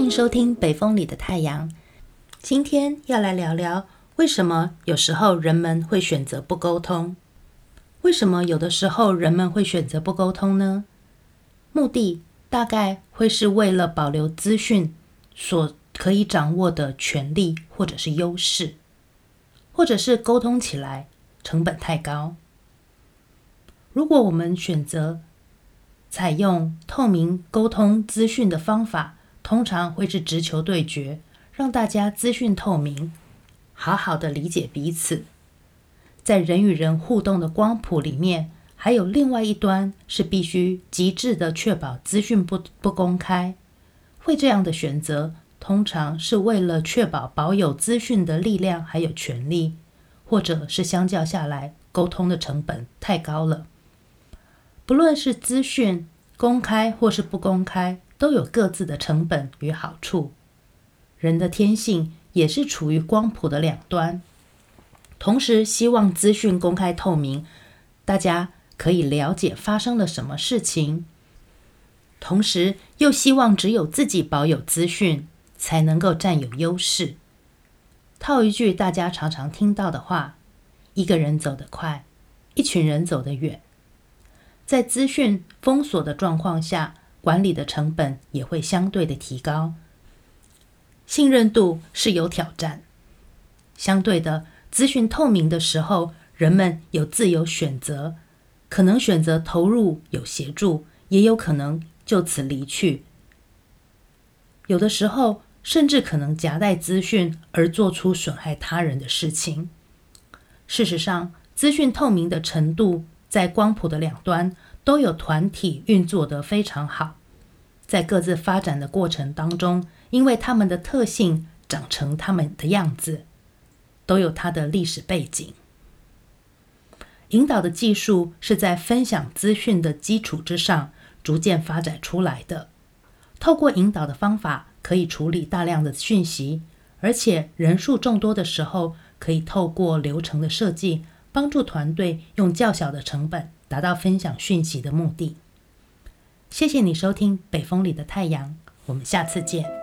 歡迎收聽《北風裡的太陽》。今天要來聊聊，為什麼有時候人們會選擇不溝通？為什麼有的時候人們會選擇不溝通呢？目的大概會是為了保留資訊所可以掌握的權利，或者是優勢，或者是溝通起來成本太高。如果我們選擇採用透明溝通資訊的方法，通常會是直球對決，讓大家資訊透明，好好的理解彼此。在人與人互動的光譜裡面，還有另外一端是必須極致的確保資訊不不公開。會這樣的選擇，通常是為了確保保有資訊的力量還有權力，或者是相較下來，溝通的成本太高了。不論是資訊公開或是不公開。都有各自的成本與好處。人的天性也是處於光譜的兩端，同時希望資訊公開透明，大家可以了解發生了什麼事情；同時又希望只有自己保有資訊，才能夠占有優勢。套一句大家常常聽到的話：“一個人走得快，一群人走得遠。”在資訊封鎖的狀況下，管理的成本也會相對的提高，信任度是有挑戰。相對的，資訊透明的時候，人們有自由選擇，可能選擇投入有協助，也有可能就此離去。有的時候，甚至可能夾帶資訊而做出損害他人的事情。事實上，資訊透明的程度在光譜的兩端。都有團體運作得非常好，在各自發展的過程當中，因為他們的特性長成他們的樣子，都有它的歷史背景。引導的技術是在分享資訊的基礎之上逐漸發展出來的。透過引導的方法，可以處理大量的訊息，而且人數眾多的時候，可以透過流程的設計。幫助團隊用較小的成本達到分享訊息的目的。謝謝你收聽《北風裡的太陽》，我們下次見。